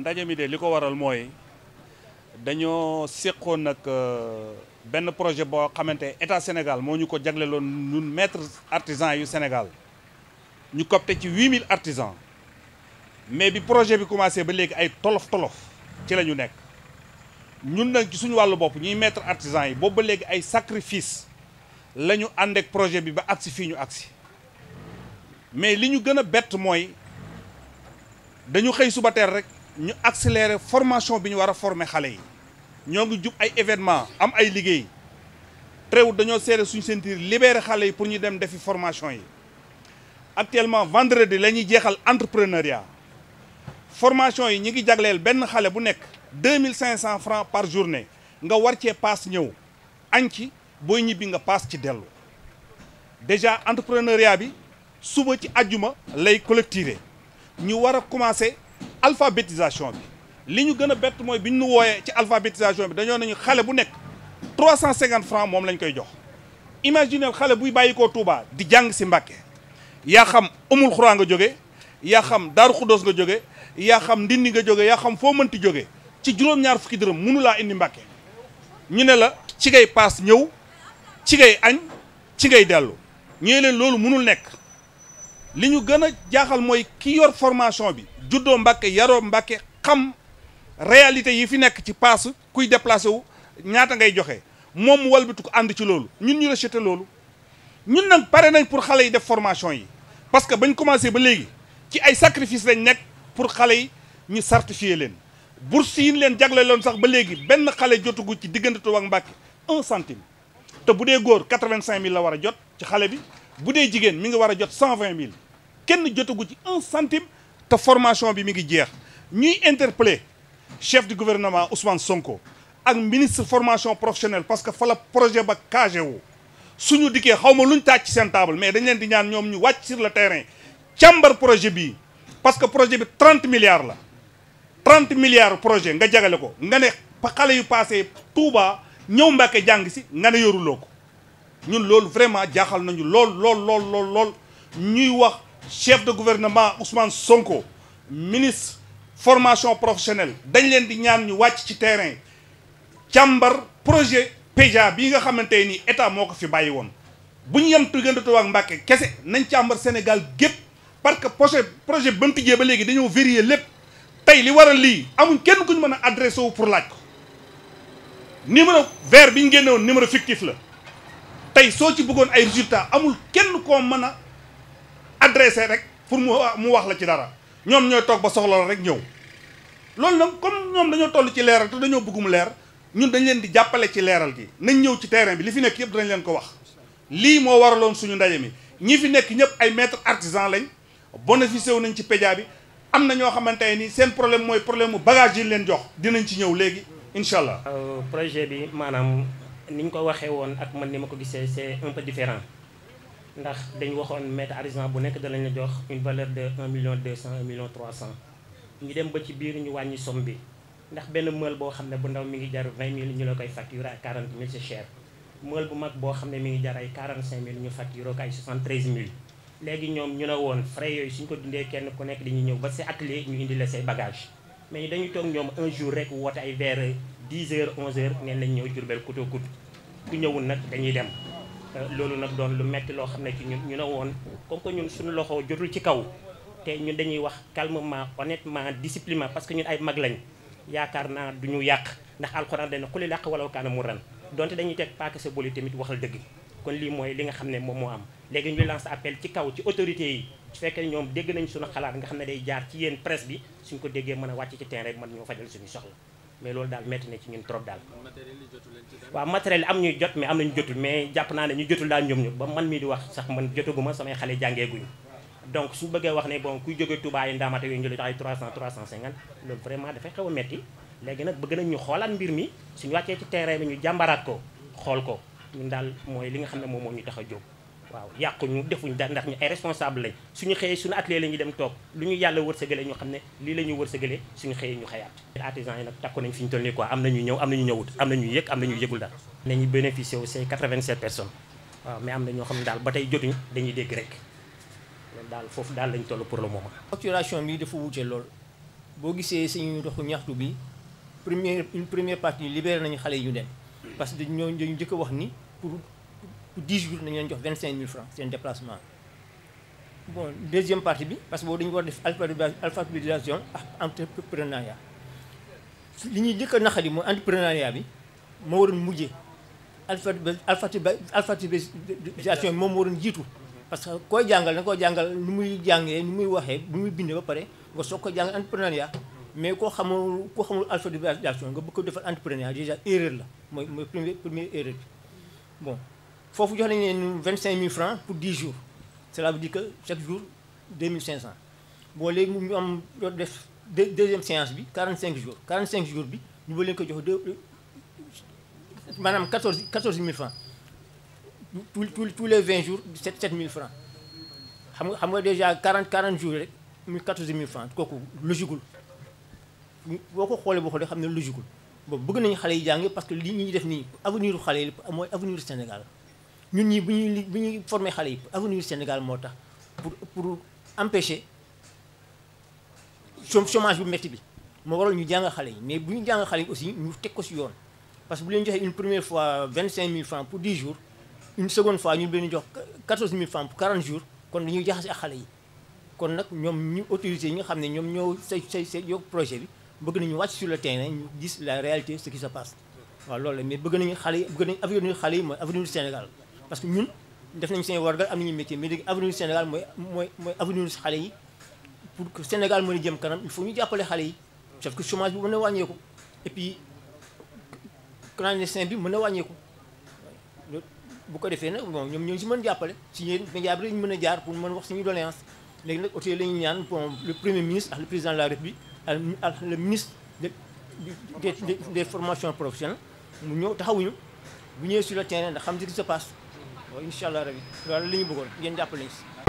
ndaje mi de li ko waral mooy dañoo séqoon nag euh, benn projet boo xamante état Sénégal moo ñu ko jagleloon ñun maître artisan yu Sénégal ñu copte ci 8000 artisans mais bi projet bi commencé ba léegi ay tolof tolof ci la ñu nekk ñun nag ci suñu wàllu bopp ñuy maître artisan yi boobu ba léegi ay sacrifice la ñu ànd projet bi ba agsi fii ñu agsi mais li ñu gën a bett mooy dañu xëy suba teel rek. ñu accélérer formation bi ñu war a former xale yi ñoo ngi jub ay événement am ay liggéey teewul dañoo seere suñu sentir libérer xale yi pour ñu dem defi formation yi actuellement vendredi la ñuy jeexal entrepreneuriat formation yi ñu ngi jagleel benn xale bu nekk deux mille cinq cent francs par journée nga war cee paas ñëw añ ci booy ñibbi nga paas ci dellu déjà entrepreneuriat bi suba ci ajjuma lay collecter ñu war a commencer alphabétisation bi li ñu gën a bett mooy bi ñu wooyee ci alphabétisation bi dañoo nañu xale bu nekk trois cent cinquante francs moom lañ koy jox imaginel xale buy bàyyi koo di jàng si Mbàkke yaa xam amul xuraa nga jóge yaa xam daaru xuddoos nga jóge yaa xam ndindi nga jóge yaa xam foo mënti jóge ci juróom-ñaar fukki dërëm munu laa indi Mbàkke ñu ne la ci ngay paas ñëw ci ngay añ ci ngay dellu ñu leen loolu mënul nekk li ñu gën a jaaxal mooy ki yor formation bi juddoo Mbàkke yaroo Mbàkke xam réalité yi fi nekk ci paas kuy déplacé wu ñaata ngay joxe moom mu walbatu ko ànd ci loolu ñun ñu rejeté loolu ñun nag pare nañ pour xale yi def formation yi parce que bañ commencé ba léegi ci ay sacrifice lañ nekk pour xale yi ñu certifié leen bourse yi leen jagle loon sax ba léegi benn xale jotugu ci diggante Touba ak Mbàkke un centime te bu dee góor quatre-vingt-cinq mille la war a jot ci xale bi bu dee jigéen mi ngi war a jot cent vingt mille kenn jotagu ci un centime te formation bi mi ngi jeex ñuy interpeller chef du gouvernement Ousmane Sonko ak ministre formation professionnelle parce que fa projet ba cagé wu suñu dikkee xaw ma ñu tàcc seen table mais dañ leen di ñaan ñoom ñu wàcc sur le terrain projet bi parce que projet bi trente milliards la trente milliards projet nga jagale ko nga ne xale yu paase Touba ñëw Mbàkke jàng si nga ne yoruloo ko ñun loolu vraiment jaaxal nañu lool lool lool lool lool ñuy wax chef de gouvernement Ousmane Sonko ministre formation professionnelle dañ leen di ñaan ñu wàcc ci terrain càmbar projet PEJA bii nga xamante nii état moo ko fi bàyyi woon bu ñu yem Tullgandoo ak Mbàkke kese nañ càmbar Sénégal gépp parce que projet projet ba mu tijjee ba léegi dañoo vérifier lépp tey li waral lii amuñ kenn ku ñu mën a adressé wu pour laaj ko numéro vert bi ñu génne woon numéro fictif la tey soo ci bëggoon ay résultats amul kenn koo mën a. adressé rek pour mu mu wax la ci dara ñoom ñooy toog ba soxla la rek ñëw loolu nag comme ñoom dañoo toll ci leeral te dañoo bëggum leer ñun dañ leen di jàppale ci leeral gi nañ ñëw ci terrain bi li fi nekk yëpp dañ leen ko wax lii moo waraloon suñu ndaje mi ñi fi nekk ñëpp ay maître artisan lañ bénéficié wu nañ ci pédia bi am na ñoo xamante ne ni seen problème mooy problème mu bagage yi leen jox dinañ ci ñëw léegi incha allah. Euh, projet bi maanaam ni ñu ko waxee woon ak man ni ma ko gisee c'est un peu différent ndax dañu waxoon mètre artisan bu nekk dalañ la jox une valeur de 1 million 200 1 million 300 ñu dem ba ci biir ñu wàññi somme bi ndax benn meul boo xam ne bu ndaw mi ngi jar 20 000 ñu la koy facturer ay 40 000 c'est cher meul bu mag boo xam ne mi ngi jar ay 45 mille ñu facturer ko ay 73 000 léegi ñoom ñu ne woon frais yooyu suñ ko dindee kenn ku nekk di dañuy ñëw ba sa atelier ñu indi la say bagage mais dañu toog ñoom un jour rek woote ay vers 10 heures 11 heures neen lañ ñëw Jurbel coûte que coûte ku ñëwul nag dañuy dem Euh, loolu nag doon lu metti loo xam ne ci ñun ñu ne woon comme que ñun suñu loxo jotul ci kaw te ñun dañuy wax calmement honnêtement disciplinement parce que ñun ay mag lañ yaakaar naa du ñu yàq ndax alxuraan dana xuli làq walaw kaanam mu ran donte dañuy teg paaka sa boli tamit wax waxal dëgg kon lii mooy li nga xam ne moom moo am léegi ñu lance appel ci kaw ci autorité yi su fekkee ñoom dégg nañ suñu xalaat nga xam ne day jaar ci yéen presse bi ko déggee mën a wàcc ci terrain bi ñoo fajal suñu soxla mais loolu daal métti na ci ñun trop daal waaw matériel am ñuy jot mais am nañu jotul mais jàpp naa ne ñu jotul daal ñoom ñu ba man mii di wax sax man jotaguma samay xale jàngee guñu donc suñu bëggee wax ne bon kuy jógee Touba yi ndaamata yooyu ñu la jox ay 300 350 loolu vraiment dafay xaw a métti léegi nag bëgg nañ ñu xoolaat mbir mi suñu wàccee ci terrain bi ñu jàmbaraat ko xool ko ñun daal mooy li nga xam ne moom moom ñu tax a jóg waaw yàquñu defuñ dara ndax ñu ay responsable lañ suñu xëyee suñu atelier la ñuy dem toog lu ñu yàlla wërsëgale ñoo xam ne lii la ñuy wërsëgale suñu xëyee ñu xëyaat artisan yi nag takku nañ fi ñu toll nii quoi am nañu ñëw am nañu ñëwut am nañu yëg am nañu yëgul dara nañu bénéficié wu c'est 87 personnes waaw mais am na ñoo xam ne daal ba tey jotuñ dañuy dégg rek daal foofu daal lañ toll pour le moment facturation bi dafa wuute lool boo gisee suñu doxu ñaxtu bi première une première partie libéré nañu xale yi ñu dem parce que dañoo jëkk wax pour 10 jours nañ leen jox 25000 francs seen déplacement bon deuxième partie bi parce que boobu dañu war def alphabétisation ak entrepreneuriat li ñuy njëkk a naqari mooy entrepreneuriat bi moo waroon mujjee alphabétisation bi moom moo waroon jiitu parce que koy jàngal na koy jàngal nu muy jàngee nu muy waxee nu muy bindee ba pare nga soo ko jàngal entrepreneuriat mais koo xamul koo xamul alphabétisation nga bëgg ko defal entrepreneuriat déjà erreur la mooy mooy premier première erreur bi foofu jox nañu leen vingt cinq mille francs pour dix jours cela dire que chaque jour deux mille cinq cent boo léegi mu am doon def deuxième séance bi quarante cinq jours quarante cinq jours bi ñu ba leen ko jox deux maanaam quatorze quatorze mille francs tous tous les vingt jours sept sept mille francs xam nga xam nga déjà quarante quarante jours rek muy quatorze mille francs kooku logigul boo ko xoolee boo xoolee xam ne logigul boobu bëgg nañu xale yi jàng parce que li ñuy def nii avenir u xale yi mooy avenir Sénégal ñun ñi bu ñuy lii bu ñuy former xale yi avenir Sénégal moo tax pour pour empêcher chômage bu métti bi moo waral ñu jàng xale yi mais bu ñu jàng xale yi aussi ñu teg ko si yoon parce que bu leen joxee une première fois vingt cinq mille francs pour dix jours une seconde fois ñu leen jox quatorze mille francs pour quarante jours kon dañuy jaxase ak xale yi kon nag ñoom ñu autorités yi nga xam ne ñoom ñoo say say say yokk projet bi bëgg nañu wàcc sur le terrain gis la réalité se passe waaw loolu la mais bëgg nañu xale yi bëgg nañu avenir xale yi mooy avenir Sénégal parce que ñun def nañu seen wargal am nañu métier mais léegi avenir Sénégal mooy mooy mooy avenir xale yi pour que Sénégal mën a jëm kanam il faut ñu jàppale xale yi sauf que chômage bi mën na wàññeeku et puis clandestin bi mën na wàññeeku bu ko defee nag bon ñoom ñoo si mën jàppale si yéen média bi lañ mën a jaar pour mën wax suñu doléance léegi nag oto la ñu ñaan bon le premier ministre ak le président la république ak le ministre de des des formations professionnelles mu ñëw taxawuñu bu ñëwee sur le terrain ndax xam nga ce waaw incha allah rabi loolu la ñu bëggoon ngeen jàppale ñu